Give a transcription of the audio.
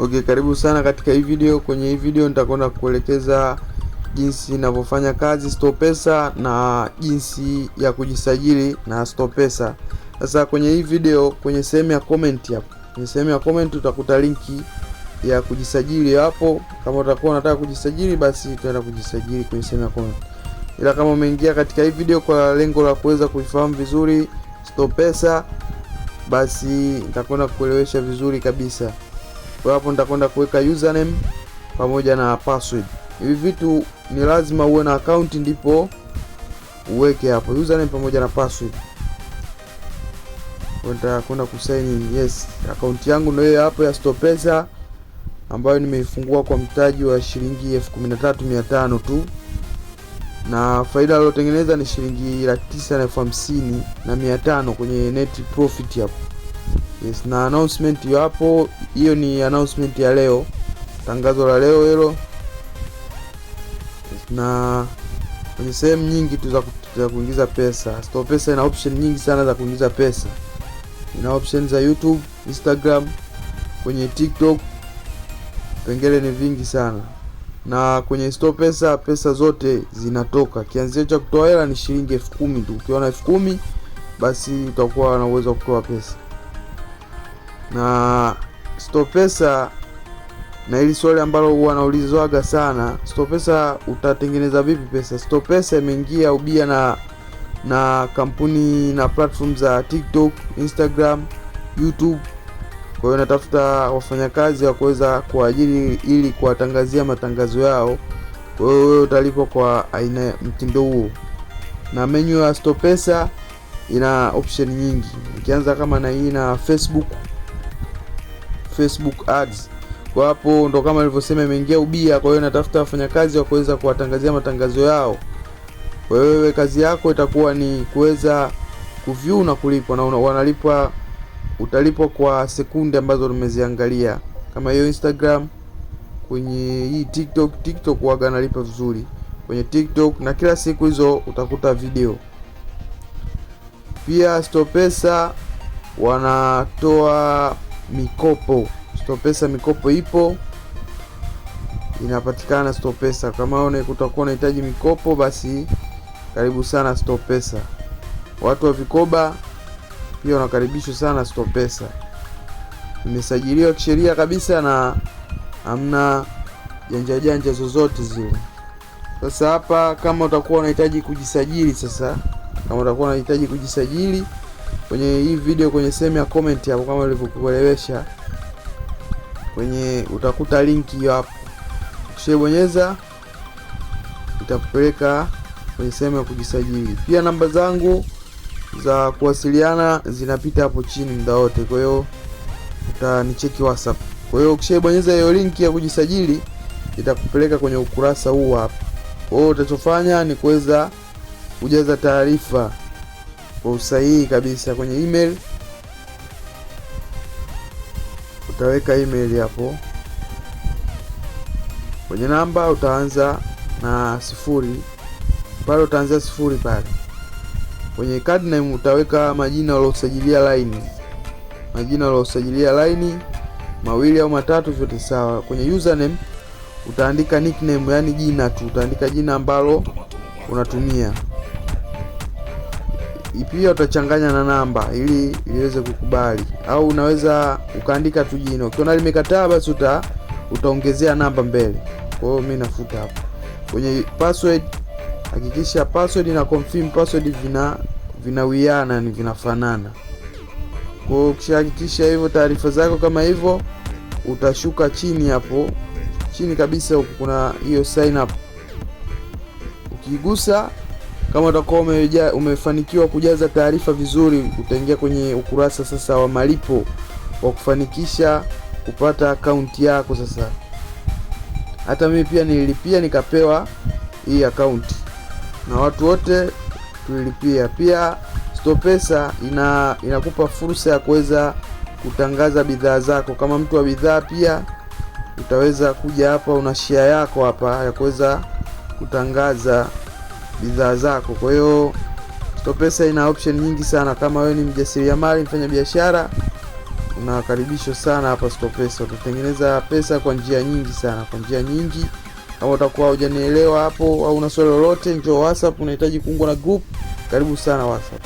Okay, karibu sana katika hii video. Kwenye hii video nitakwenda kuelekeza jinsi inavyofanya kazi StorePesa na jinsi ya kujisajili na StorePesa. Sasa kwenye hii video, kwenye sehemu ya comment hapo, kwenye sehemu ya comment utakuta linki ya kujisajili hapo. Kama utakuwa unataka kujisajili, basi utaenda kujisajili kwenye sehemu ya comment. Ila kama umeingia katika hii video kwa lengo la kuweza kuifahamu vizuri StorePesa, basi nitakwenda kuelewesha vizuri kabisa. Kwa hapo nitakwenda kuweka username pamoja na password. Hivi vitu ni lazima uwe na account ndipo uweke hapo username pamoja na password. Nitakwenda kusign yes, account yangu ndio hiyo hapo ya Stopesa ambayo nimeifungua kwa mtaji wa shilingi 13500 mia tu na faida aliyotengeneza ni shilingi laki tisa na elfu hamsini na mia tano kwenye net profit hapo. Yes, na announcement yapo hapo, hiyo ni announcement ya leo, tangazo la leo hilo. Yes, na kwenye sehemu nyingi tu za kuingiza pesa. Store Pesa ina option nyingi sana za kuingiza pesa, ina option za YouTube, Instagram, kwenye TikTok, pengele ni vingi sana na kwenye Store Pesa pesa zote zinatoka. Kianzio cha kutoa hela ni shilingi elfu kumi tu. elfu kumi basi utakuwa na uwezo wa kutoa pesa na Stopesa na hili swali ambalo wanaulizwaga sana, Stopesa utatengeneza vipi pesa? Stopesa imeingia ubia na na kampuni na platform za TikTok, Instagram, YouTube. Kwa hiyo natafuta wafanyakazi wa kuweza kuajiri ili kuwatangazia matangazo yao. Kwa hiyo wewe utalipwa kwa aina mtindo huo, na menu ya Stopesa ina option nyingi, ikianza kama na hii na Facebook Facebook ads. Kwa hapo ndo kama nilivyosema, imeingia ubia. Kwa hiyo natafuta wafanyakazi wa kuweza kuwatangazia matangazo yao. Wewe kazi yako itakuwa ni kuweza kuview na kulipwa, na wanalipwa, utalipwa kwa sekunde ambazo tumeziangalia, kama hiyo Instagram. Kwenye hii TikTok, TikTok waga analipa vizuri kwenye TikTok, na kila siku hizo utakuta video pia. Stopesa wanatoa mikopo. Stopesa mikopo ipo inapatikana Stopesa. Kama one unahitaji mikopo, basi karibu sana Stopesa. Watu wa vikoba pia wanakaribishwa sana Stopesa. Imesajiliwa kisheria kabisa na hamna janja janja zozote zile. Sasa hapa, kama utakuwa unahitaji kujisajili, sasa kama utakuwa unahitaji kujisajili kwenye hii video kwenye sehemu ya comment hapo, kama ulivyokuelewesha kwenye, utakuta linki hiyo hapo, ukishabonyeza itakupeleka kwenye sehemu ya kujisajili. Pia namba zangu za kuwasiliana zinapita hapo chini muda wote, kwa hiyo utanicheki WhatsApp. Kwa hiyo ukishabonyeza hiyo linki ya kujisajili itakupeleka kwenye ukurasa huu hapa. Kwa hiyo utachofanya ni kuweza kujaza taarifa kwa usahihi kabisa kwenye email. Utaweka email hapo kwenye namba, utaanza na sifuri pale, utaanzia sifuri pale. Kwenye card name utaweka majina uliosajilia line, majina uliosajilia line mawili au matatu, vyote sawa. Kwenye username utaandika nickname, yani jina tu, utaandika jina ambalo unatumia pia utachanganya na namba ili iweze kukubali, au unaweza ukaandika tu jina. Ukiona limekataa basi uta utaongezea namba mbele. Kwa hiyo mimi nafuta hapo. Kwenye password hakikisha password na confirm password vina vinawiana, ni vinafanana. Kwa hiyo ukishahakikisha hivyo taarifa zako kama hivyo, utashuka chini hapo chini kabisa, kuna hiyo sign up ukigusa kama utakuwa umefanikiwa kujaza taarifa vizuri, utaingia kwenye ukurasa sasa wa malipo wa kufanikisha kupata akaunti yako. Sasa hata mimi pia nililipia nikapewa hii akaunti, na watu wote tulilipia. Pia Stopesa ina inakupa fursa ya kuweza kutangaza bidhaa zako. Kama mtu wa bidhaa pia utaweza kuja hapa, una share yako hapa ya kuweza kutangaza bidhaa zako. Kwa hiyo Stopesa ina option nyingi sana. Kama wewe ni mjasiriamali, mfanya biashara, unakaribishwa sana hapa Stopesa. Utatengeneza pesa kwa njia nyingi sana, kwa njia nyingi. Kama utakuwa hujanielewa hapo au una swali lolote, njoo WhatsApp. Unahitaji kuungwa na group, karibu sana WhatsApp.